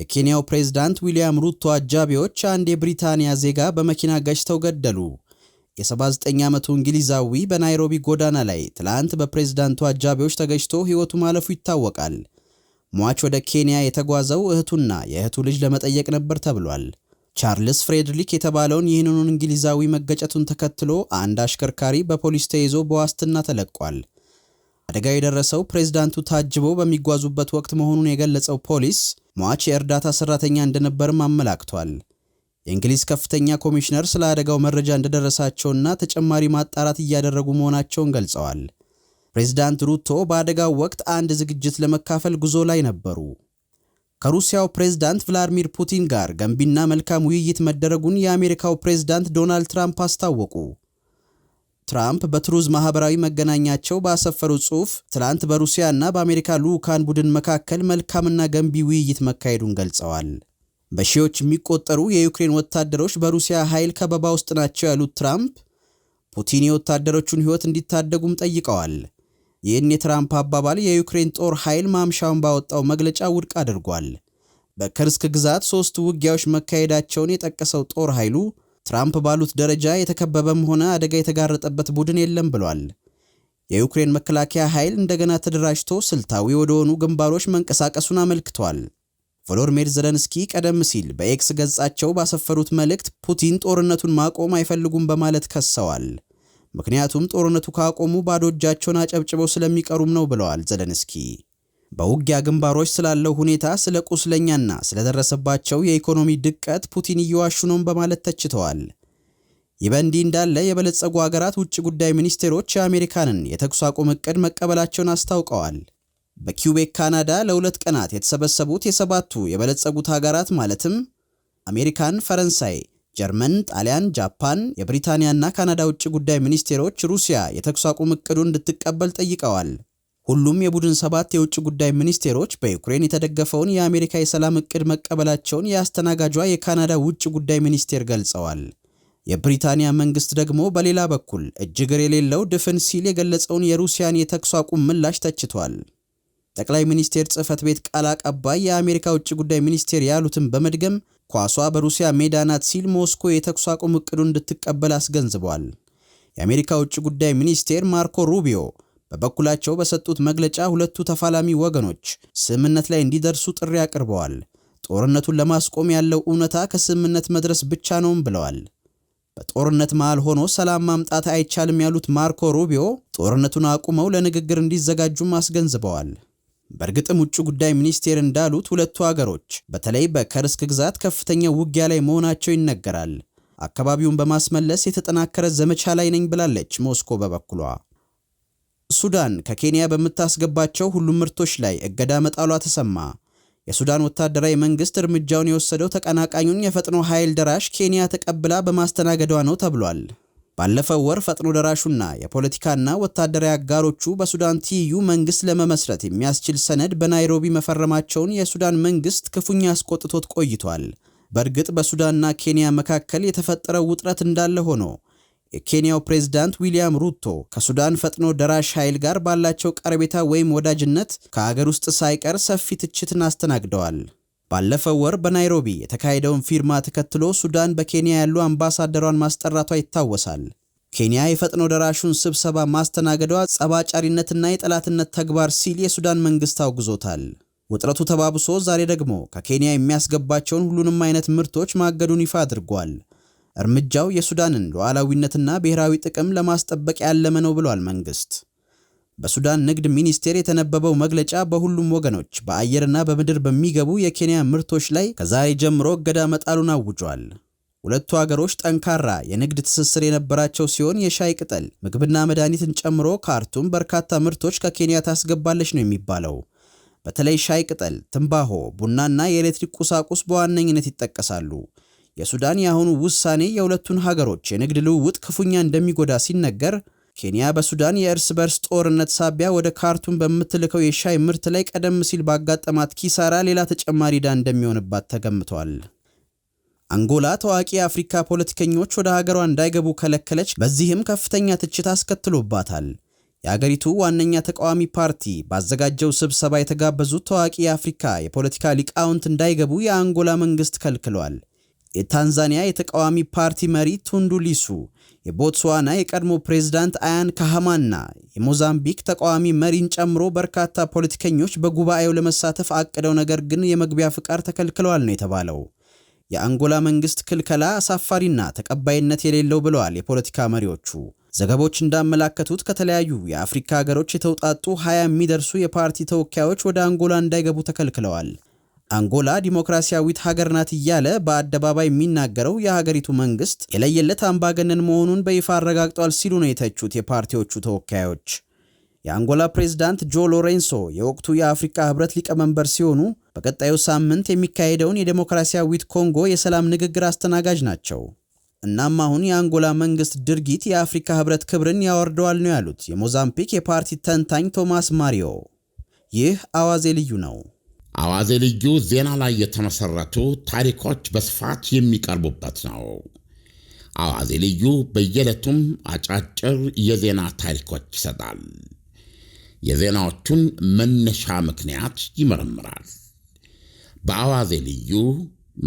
የኬንያው ፕሬዝዳንት ዊልያም ሩቶ አጃቢዎች አንድ የብሪታንያ ዜጋ በመኪና ገጭተው ገደሉ። የ79 ዓመቱ እንግሊዛዊ በናይሮቢ ጎዳና ላይ ትላንት በፕሬዝዳንቱ አጃቢዎች ተገጭቶ ሕይወቱ ማለፉ ይታወቃል። ሟች ወደ ኬንያ የተጓዘው እህቱና የእህቱ ልጅ ለመጠየቅ ነበር ተብሏል። ቻርልስ ፍሬድሪክ የተባለውን ይህንኑን እንግሊዛዊ መገጨቱን ተከትሎ አንድ አሽከርካሪ በፖሊስ ተይዞ በዋስትና ተለቋል። አደጋ የደረሰው ፕሬዝዳንቱ ታጅበው በሚጓዙበት ወቅት መሆኑን የገለጸው ፖሊስ ሟች የእርዳታ ሰራተኛ እንደነበርም አመላክቷል። የእንግሊዝ ከፍተኛ ኮሚሽነር ስለ አደጋው መረጃ እንደደረሳቸውና ተጨማሪ ማጣራት እያደረጉ መሆናቸውን ገልጸዋል። ፕሬዝዳንት ሩቶ በአደጋው ወቅት አንድ ዝግጅት ለመካፈል ጉዞ ላይ ነበሩ። ከሩሲያው ፕሬዝዳንት ቭላዲሚር ፑቲን ጋር ገንቢና መልካም ውይይት መደረጉን የአሜሪካው ፕሬዝዳንት ዶናልድ ትራምፕ አስታወቁ። ትራምፕ በትሩዝ ማህበራዊ መገናኛቸው ባሰፈሩ ጽሑፍ ትላንት በሩሲያና በአሜሪካ ልዑካን ቡድን መካከል መልካምና ገንቢ ውይይት መካሄዱን ገልጸዋል። በሺዎች የሚቆጠሩ የዩክሬን ወታደሮች በሩሲያ ኃይል ከበባ ውስጥ ናቸው ያሉት ትራምፕ ፑቲን የወታደሮቹን ሕይወት እንዲታደጉም ጠይቀዋል። ይህን የትራምፕ አባባል የዩክሬን ጦር ኃይል ማምሻውን ባወጣው መግለጫ ውድቅ አድርጓል። በከርስክ ግዛት ሦስት ውጊያዎች መካሄዳቸውን የጠቀሰው ጦር ኃይሉ ትራምፕ ባሉት ደረጃ የተከበበም ሆነ አደጋ የተጋረጠበት ቡድን የለም ብሏል። የዩክሬን መከላከያ ኃይል እንደገና ተደራጅቶ ስልታዊ ወደሆኑ ግንባሮች መንቀሳቀሱን አመልክቷል። ቮሎድሚር ዘለንስኪ ቀደም ሲል በኤክስ ገጻቸው ባሰፈሩት መልእክት ፑቲን ጦርነቱን ማቆም አይፈልጉም በማለት ከሰዋል። ምክንያቱም ጦርነቱ ካቆሙ ባዶ እጃቸውን አጨብጭበው ስለሚቀሩም ነው ብለዋል ዘለንስኪ። በውጊያ ግንባሮች ስላለው ሁኔታ፣ ስለ ቁስለኛና ስለደረሰባቸው የኢኮኖሚ ድቀት ፑቲን እየዋሹ ነው በማለት ተችተዋል። ይህ በእንዲህ እንዳለ የበለጸጉ ሀገራት ውጭ ጉዳይ ሚኒስቴሮች የአሜሪካንን የተኩስ አቁም እቅድ መቀበላቸውን አስታውቀዋል። በኪውቤክ ካናዳ ለሁለት ቀናት የተሰበሰቡት የሰባቱ የበለጸጉት ሀገራት ማለትም አሜሪካን፣ ፈረንሳይ፣ ጀርመን፣ ጣሊያን፣ ጃፓን፣ የብሪታንያና ካናዳ ውጭ ጉዳይ ሚኒስቴሮች ሩሲያ የተኩስ አቁም እቅዱን እንድትቀበል ጠይቀዋል። ሁሉም የቡድን ሰባት የውጭ ጉዳይ ሚኒስቴሮች በዩክሬን የተደገፈውን የአሜሪካ የሰላም እቅድ መቀበላቸውን የአስተናጋጇ የካናዳ ውጭ ጉዳይ ሚኒስቴር ገልጸዋል። የብሪታንያ መንግስት ደግሞ በሌላ በኩል እጅግር የሌለው ድፍን ሲል የገለጸውን የሩሲያን የተኩስ አቁም ምላሽ ተችቷል። ጠቅላይ ሚኒስቴር ጽህፈት ቤት ቃል አቀባይ የአሜሪካ ውጭ ጉዳይ ሚኒስቴር ያሉትን በመድገም ኳሷ በሩሲያ ሜዳ ናት ሲል ሞስኮ የተኩስ አቁም እቅዱን እንድትቀበል አስገንዝቧል። የአሜሪካ ውጭ ጉዳይ ሚኒስቴር ማርኮ ሩቢዮ በበኩላቸው በሰጡት መግለጫ ሁለቱ ተፋላሚ ወገኖች ስምምነት ላይ እንዲደርሱ ጥሪ አቅርበዋል። ጦርነቱን ለማስቆም ያለው እውነታ ከስምምነት መድረስ ብቻ ነውም ብለዋል። በጦርነት መሃል ሆኖ ሰላም ማምጣት አይቻልም ያሉት ማርኮ ሩቢዮ ጦርነቱን አቁመው ለንግግር እንዲዘጋጁም አስገንዝበዋል። በእርግጥም ውጭ ጉዳይ ሚኒስቴር እንዳሉት ሁለቱ አገሮች በተለይ በከርስክ ግዛት ከፍተኛ ውጊያ ላይ መሆናቸው ይነገራል። አካባቢውን በማስመለስ የተጠናከረ ዘመቻ ላይ ነኝ ብላለች ሞስኮ በበኩሏ። ሱዳን ከኬንያ በምታስገባቸው ሁሉም ምርቶች ላይ እገዳ መጣሏ ተሰማ። የሱዳን ወታደራዊ መንግስት እርምጃውን የወሰደው ተቀናቃኙን የፈጥኖ ኃይል ደራሽ ኬንያ ተቀብላ በማስተናገዷ ነው ተብሏል። ባለፈው ወር ፈጥኖ ደራሹና የፖለቲካና ወታደራዊ አጋሮቹ በሱዳን ትይዩ መንግስት ለመመስረት የሚያስችል ሰነድ በናይሮቢ መፈረማቸውን የሱዳን መንግስት ክፉኛ አስቆጥቶት ቆይቷል። በእርግጥ በሱዳንና ኬንያ መካከል የተፈጠረው ውጥረት እንዳለ ሆኖ የኬንያው ፕሬዝዳንት ዊሊያም ሩቶ ከሱዳን ፈጥኖ ደራሽ ኃይል ጋር ባላቸው ቀረቤታ ወይም ወዳጅነት ከአገር ውስጥ ሳይቀር ሰፊ ትችትን አስተናግደዋል። ባለፈው ወር በናይሮቢ የተካሄደውን ፊርማ ተከትሎ ሱዳን በኬንያ ያሉ አምባሳደሯን ማስጠራቷ ይታወሳል። ኬንያ የፈጥኖ ደራሹን ስብሰባ ማስተናገዷ ጸባጫሪነትና የጠላትነት ተግባር ሲል የሱዳን መንግስት አውግዞታል። ውጥረቱ ተባብሶ ዛሬ ደግሞ ከኬንያ የሚያስገባቸውን ሁሉንም አይነት ምርቶች ማገዱን ይፋ አድርጓል። እርምጃው የሱዳንን ሉዓላዊነትና ብሔራዊ ጥቅም ለማስጠበቅ ያለመ ነው ብሏል መንግስት። በሱዳን ንግድ ሚኒስቴር የተነበበው መግለጫ በሁሉም ወገኖች በአየርና በምድር በሚገቡ የኬንያ ምርቶች ላይ ከዛሬ ጀምሮ እገዳ መጣሉን አውጇል። ሁለቱ አገሮች ጠንካራ የንግድ ትስስር የነበራቸው ሲሆን የሻይ ቅጠል፣ ምግብና መድኃኒትን ጨምሮ ካርቱም በርካታ ምርቶች ከኬንያ ታስገባለች ነው የሚባለው። በተለይ ሻይ ቅጠል፣ ትንባሆ፣ ቡናና የኤሌክትሪክ ቁሳቁስ በዋነኝነት ይጠቀሳሉ። የሱዳን የአሁኑ ውሳኔ የሁለቱን ሀገሮች የንግድ ልውውጥ ክፉኛ እንደሚጎዳ ሲነገር፣ ኬንያ በሱዳን የእርስ በርስ ጦርነት ሳቢያ ወደ ካርቱም በምትልከው የሻይ ምርት ላይ ቀደም ሲል ባጋጠማት ኪሳራ ሌላ ተጨማሪ ዕዳ እንደሚሆንባት ተገምቷል። አንጎላ ታዋቂ የአፍሪካ ፖለቲከኞች ወደ ሀገሯ እንዳይገቡ ከለከለች። በዚህም ከፍተኛ ትችት አስከትሎባታል። የአገሪቱ ዋነኛ ተቃዋሚ ፓርቲ ባዘጋጀው ስብሰባ የተጋበዙት ታዋቂ የአፍሪካ የፖለቲካ ሊቃውንት እንዳይገቡ የአንጎላ መንግስት ከልክሏል። የታንዛኒያ የተቃዋሚ ፓርቲ መሪ ቱንዱ ሊሱ፣ የቦትስዋና የቀድሞ ፕሬዝዳንት አያን ካህማና የሞዛምቢክ ተቃዋሚ መሪን ጨምሮ በርካታ ፖለቲከኞች በጉባኤው ለመሳተፍ አቅደው ነገር ግን የመግቢያ ፍቃድ ተከልክለዋል ነው የተባለው። የአንጎላ መንግስት ክልከላ አሳፋሪና ተቀባይነት የሌለው ብለዋል የፖለቲካ መሪዎቹ። ዘገቦች እንዳመላከቱት ከተለያዩ የአፍሪካ ሀገሮች የተውጣጡ 20 የሚደርሱ የፓርቲ ተወካዮች ወደ አንጎላ እንዳይገቡ ተከልክለዋል። አንጎላ ዲሞክራሲያዊት ሀገር ናት እያለ በአደባባይ የሚናገረው የሀገሪቱ መንግስት የለየለት አምባገነን መሆኑን በይፋ አረጋግጧል ሲሉ ነው የተቹት የፓርቲዎቹ ተወካዮች። የአንጎላ ፕሬዝዳንት ጆ ሎሬንሶ የወቅቱ የአፍሪካ ህብረት ሊቀመንበር ሲሆኑ በቀጣዩ ሳምንት የሚካሄደውን የዴሞክራሲያዊት ኮንጎ የሰላም ንግግር አስተናጋጅ ናቸው። እናም አሁን የአንጎላ መንግስት ድርጊት የአፍሪካ ህብረት ክብርን ያወርደዋል ነው ያሉት የሞዛምፒክ የፓርቲ ተንታኝ ቶማስ ማሪዮ። ይህ አዋዜ ልዩ ነው አዋዜ ልዩ ዜና ላይ የተመሰረቱ ታሪኮች በስፋት የሚቀርቡበት ነው። አዋዜ ልዩ በየዕለቱም አጫጭር የዜና ታሪኮች ይሰጣል። የዜናዎቹን መነሻ ምክንያት ይመረምራል። በአዋዜ ልዩ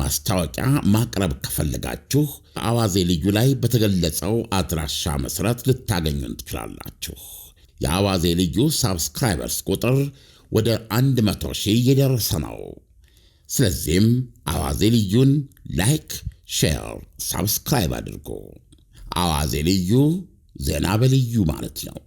ማስታወቂያ ማቅረብ ከፈለጋችሁ አዋዜ ልዩ ላይ በተገለጸው አድራሻ መሠረት ልታገኙን ትችላላችሁ። የአዋዜ ልዩ ሳብስክራይበርስ ቁጥር ወደ 100 ሺህ እየደረሰ ነው። ስለዚህም አዋዜ ልዩን ላይክ፣ ሼር፣ ሳብስክራይብ አድርጎ አዋዜ ልዩ ዜና በልዩ ማለት ነው።